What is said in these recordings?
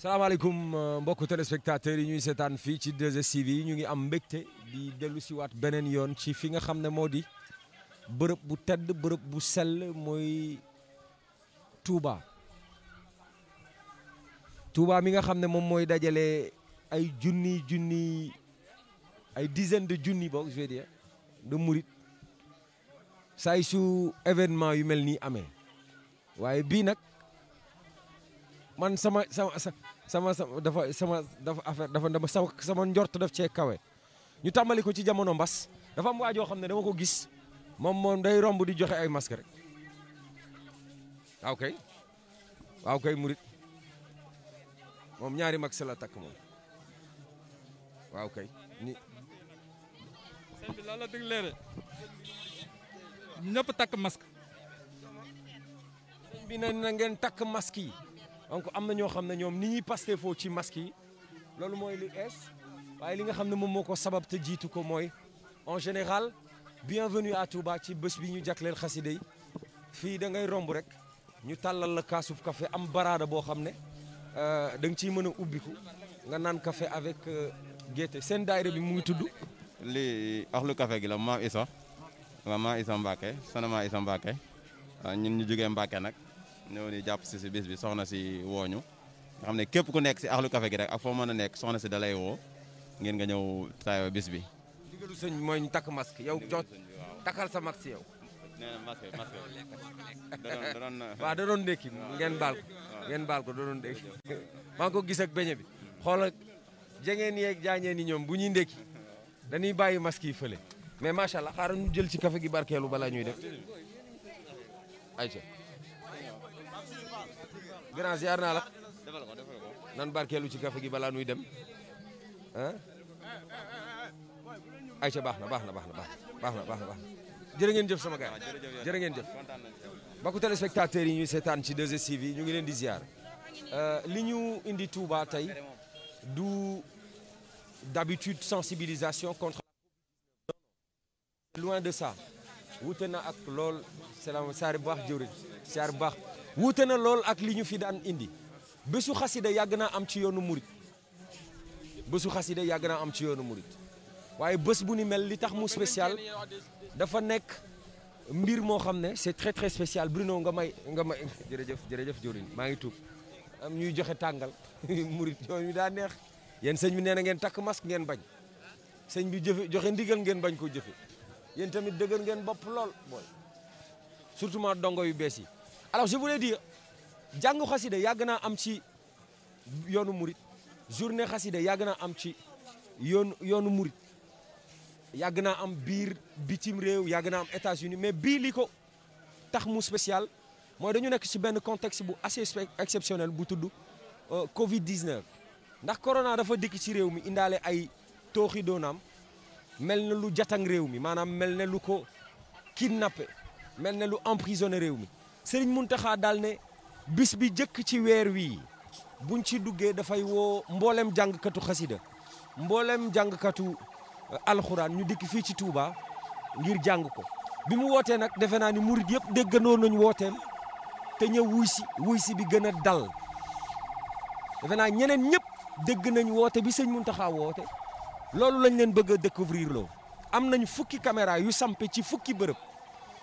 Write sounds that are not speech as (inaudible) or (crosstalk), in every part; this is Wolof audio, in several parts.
salaamaaleykum euh, mbokku téléspectateurs yi ñuy seetaan fii ci 2STV yi ñu ngi am mbégte bi dellu siwaat beneen yoon ci fi nga xam ne moo di bërëb bu tedd bërëb bu sell mooy Touba. Touba mi nga xam ne moom mooy dajale ay junni junni ay dizaine de junni boog je vais dire murit saay su événement yu mel nii amee waaye bii nag man sama sama sama sama dafa sama dafa affaire dafa dama sama sama njort def cee kawe ñu tàmbali ko ci jamono mbas dafa am waajoo xam ne dama ko gis moom moom day romb di joxe ay masque rek waaw kay waaw kay murit moom ñaari mag la takk moom waaw kay ni sëñ takk mask bi ne na ngeen takk masque yi donc am na ñoo xam ne ñoom ni ñuy Pastefoo ci masque yi loolu mooy li ees waaye li nga xam ne moom moo ko sabab te jiitu ko mooy en général bienvenue à Touba ci bés bi ñu jagleel xasida yi fii da ngay romb rek ñu tàllal la kaasub kafe am baraada boo xam ne euh, da nga ciy mën a ubbiku nga naan kafe avec euh, gaieté seen daayira bi mu ngi tudd lii axlu café gi la maam Issa waaw maam Issa Mbacké sana ñun ñu jógee Mbacké nag ñëw ni jàpp si si bis bi soxna si wooñu xam ne képp ku nekk si axlu kafe gi rek ak foo mën a nekk soxna si dalay lay woo ngeen nga ñëw taayoo bis bi. ndigalu sëñ bi mooy ñu takk masque yow jox takkal sa masque yow. nee na masque masque (laughs) da doon (laughs) waaw da doon ndékki ngeen baal ko ngeen baal ko da doon ndékki (laughs) maa ngi ko gis ak beñe bi xool ak jengeen yeeg jaañeen yi ñoom bu ñuy ndékki dañuy bàyyi masque yi fële mais macha allah xaaral ñu jël si café gi barkeelu balaa ñuy def grand ziar naa la. defal ko defal nan barkeelu ci kafe gi balaa nuy dem ah. ayca baax na baax na baax na baax na baax na jërë ngeen jëf sama gars jërë ngeen jëf. mbokku téléspectateurs yi ñuy seetaan ci 2STV yi ñu ngi leen di ziar. Euh, li ñu indi Touba tey du d'habitude sensibilisation contre loin de ça wute na ak lool salaam saar bu baax jëwriñ saar bu baax wuute na lool ak li ñu fi daan indi bésu xasida yàgg naa am ci yoonu murit bésu xasida yàgg naa am ci yoonu murit waaye bés bu ni mel li tax mu spécial dafa nekk mbir moo xam ne c'est très très spécial Bruno nga may nga may jërëjëf jërëjëf Diorin maa ngi tuub am ñuy joxe tàngal (laughs) murit ñooñu daa neex yéen sëñ bi nee na ngeen takk masque ngeen bañ sëñ bi jëfe joxe ndigal ngeen bañ ko jëfe yéen tamit dëgër ngeen bopp lool booy dongo yu bees yi alors je voulais dire jàngu xasida yàgg naa am ci yoonu murit journée xasida yàgg naa am ci yoonu yoonu murit yàgg naa am biir bitim réew yàgg naa am États-Unis mais bii li ko tax mu spécial mooy dañu nekk ci benn contexte bu assez exceptionnel bu tudd euh, Covid 19. ndax corona dafa dikk ci réew mi indaale ay tooxi doonaam mel na lu jatang réew mi maanaam mel na lu ko kidnappé mel na lu emprisonné réew mi. Serigne Mountakha dal ne bis bi jëkk ci weer wii buñ ci duggee dafay woo mbooleem jàngkatu xasida mbooleem jàngkatu euh, alxuraan ñu dikk fii ci tuuba ngir jàng ko bi mu wootee nag defe naa ni murit yëpp déggandoo nañu wooteem te ñëw wuy si bi gën a dal defe naa ñeneen ñëpp dégg nañu woote bi sëñ Mountakha woote loolu lañ leen bëgg a découvrir loo am nañ fukki caméra yu sampe ci fukki bërëb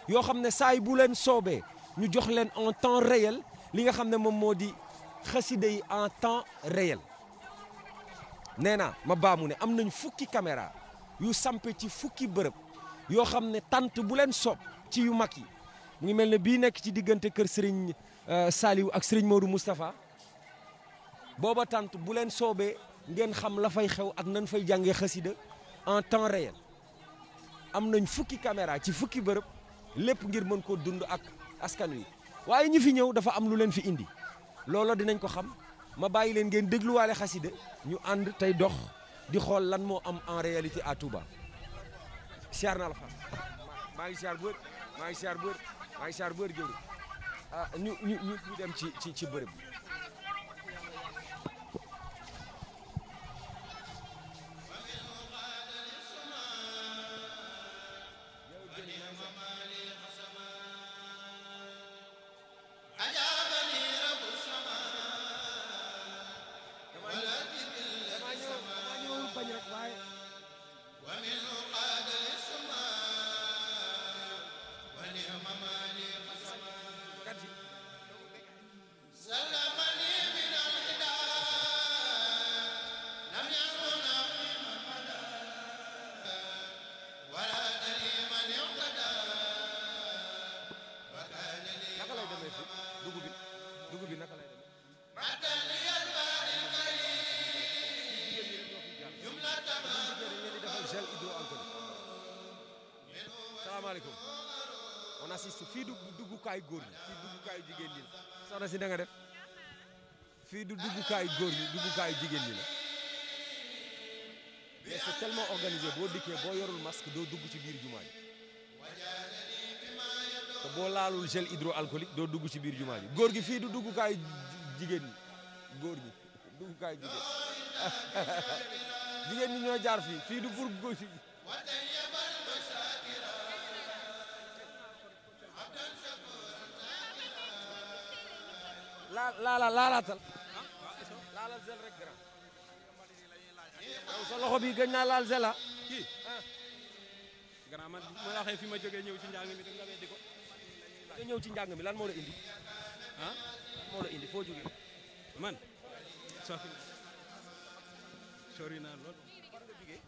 yoo xam ne saay bu leen soobee ñu jox leen en temps réel li nga xam ne moom moo di xasida yi en temps réel nee na ma baamu ne am nañ fukki caméra yu sampe ci fukki bërëb yoo xam ne tant bu leen soob ci yu mag yi mu ngi mel ne bii nekk ci diggante kër Serigne euh, Saliou ak Serigne Modou Moustapha booba tant bu leen soobee ngeen xam la fay xew ak nan fay jàngee xasida en temps réel am nañ fukki caméra ci fukki bërëb lépp ngir mën koo dund ak askan wi waaye ñi fi ñëw dafa am lu leen fi indi loola dinañ ko xam ma bàyyi leen ngeen dégluwaale xasida ñu ànd tey dox di xool lan moo am en réalité à siyaar naa la fa maa ngi siyaar bër maa ngi siyaar bër ah, ñu ñu ñu dem ci ci ci bërëb bi asalaamaaleykum on assiste fii duggukaayu góor ñi fii duggukaayu jigéen ji la soxna si da def fii du duggukaayu góor ñi duggukaayu jigéen ji la mais c'est boo dikkee boo yorul masque doo dugg ci biir jumaa ji te boo laalul gel hydroalcoolique doo dugg ci biir jumaa ji góor gi fii du duggukaayu jigéen ñi góor ñi duggukaayu jigéen (laughs) jigéen ñi ñoo jaar fii fii du pour góor laa laala laalaatal laalal zel rek grand yow sa loxo bi gëj naa laal zela ah. kii grand man ma waxee fi ma jógee ñëw ci njàng mi da nga weddi ko nga ñëw ci njàng mi lan moo la indi ah moo la indi foo jógee man sori sori naa lool fan nga jógee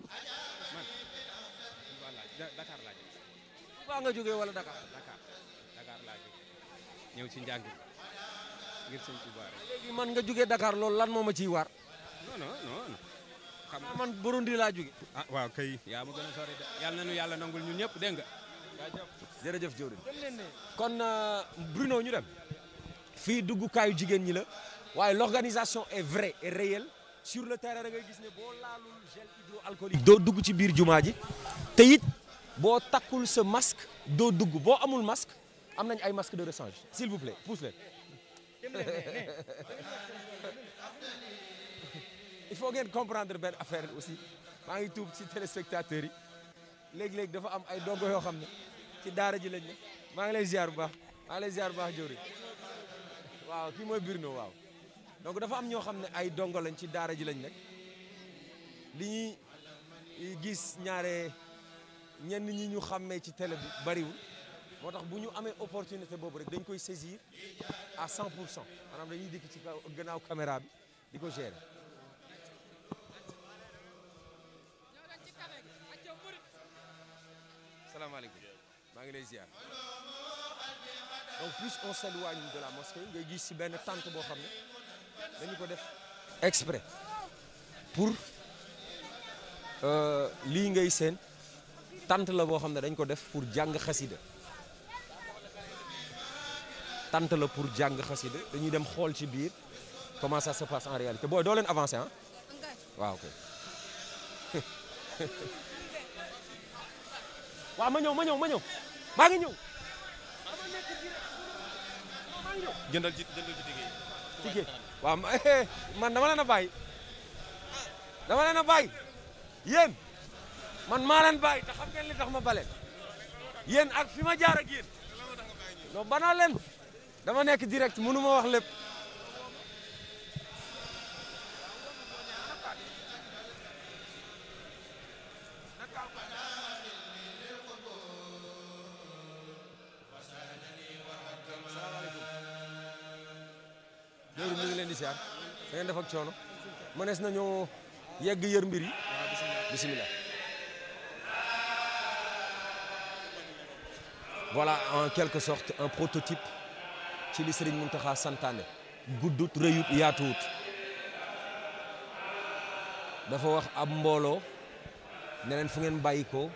man Dakar laa jógee Touba nga jógee wala Dakar Dakar Dakar laa jógee ñëw ci njàng mi ngir sëñ Touba man nga jugee dakaar loolu lan moo ma ciy waar. xam nga man Burundi laa jugee. ah waaw kay. yaa ma gën a sori de yàlla na nu yàlla nangul ñun ñëpp dégg nga. jërëjëf jëwriñ kon euh, Bruno ñu dem. fii duggukaayu jigéen ñi la waaye l'organisation est vraie et réelle sur le terrain da ngay gis ne boo laalul gel hydroalcoolique doo dugg ci biir jumaa ji te it boo takkul sa masque doo dugg boo amul masque am nañu ay masque de rechange s'il vous plaît Eh, eh. il faut ngeen comprendre benn affaire aussi maa ngi tuub ci téléspectateurs yi léegi léegi dafa am ay dongo yoo xam ne ci daara ji lañ ne maa ngi lay ziar bu baax maa ngi lay ziar bu baax jori waaw kii mooy Birno waaw donc dafa am ñoo xam ne ay dongo lañ ci daara ji lañ nekk li ñuy gis ñaare ñenn ñi ñu xam xàmmee ci télé bariwul moo tax bu ñu amee opportunité boobu rek dañ koy saisir à 100 pour cent maanaam dañuy dikk ci gannaaw caméra bi di ko gérer. maa ngi lay ziar. donc plus on s'éloigne de la mosquée ngay gis ci benn tente boo xam ne dañu ko def exprès pour euh, lii ngay seen tente la boo xam ne dañ ko def pour jàng xasida tant la pour jàng xasida dañuy dem xool ci biir comment ça se passe en réalité booy dooleen leen avancé ah (laughs) waaw ma ñëw ma ñëw ma ñëw maa ngi ñëw jëndal ci jëndal ci tigé tigé waaw eh, man dama leen a bàyyi dama leen a bàyyi yéen man maa leen bàyyi te xam li tax ma baleen yéen ak fi ma jaar ak yéen non banaa leen dama nekk direct mënu ma wax lépp Dóoru mi ngi leen di siyaar da ngeen def ak coono mënees nañoo yegg yër mbir yi bisimilah voilà en quelque sorte un prototype ci li Serigne Mountakha santaane guddut rëyut yaatuwut dafa wax ab mbooloo ne fu ngeen bàyyi ko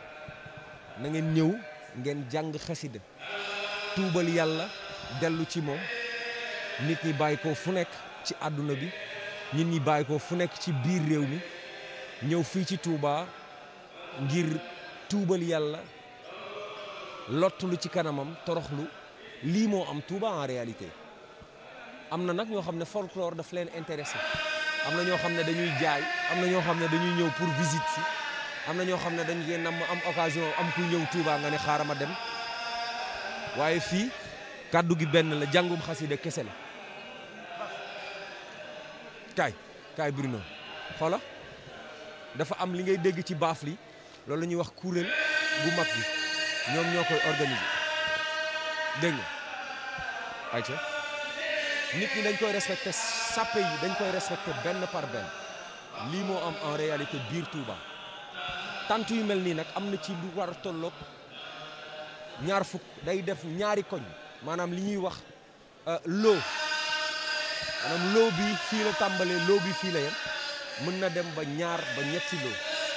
na ngeen ñëw ngeen jàng xasida tuubal yàlla dellu ci moom nit ñi bàyyi ko fu nekk ci àdduna bi nit ñi bàyyi ko fu nekk ci biir réew mi ñëw fii ci tuubaa ngir tuubal yàlla lottulu ci kanamam toroxlu lii moo am Touba en réalité am na nag ñoo xam ne folklore daf leen intéressé am na ñoo xam ne dañuy jaay am na ñoo xam ne dañuy ñëw pour visite si am na ñoo xam ne dañ koy am am occasion am kuy ñëw Touba nga ne xaaral ma dem waaye fii kàddu gi benn la jàngum xasida kese la kaay kaay Bruno xoola dafa am li ngay dégg ci baaf li loolu la ñuy wax kuréel bu mag bi ñoom ñoo koy organiser dégg ayca nit ñi dañ koy respecté sàppe yi dañ koy respecté benn par benn lii moo am en réalité biir tuuba tant yu mel nii nag am na ci lu war tolloog ñaar fukk day def ñaari koñ maanaam li ñuy wax euh, loo maanaam loo bi fii la tàmbalee loo bi fii la yem mën na dem ba ñaar ba ñetti loo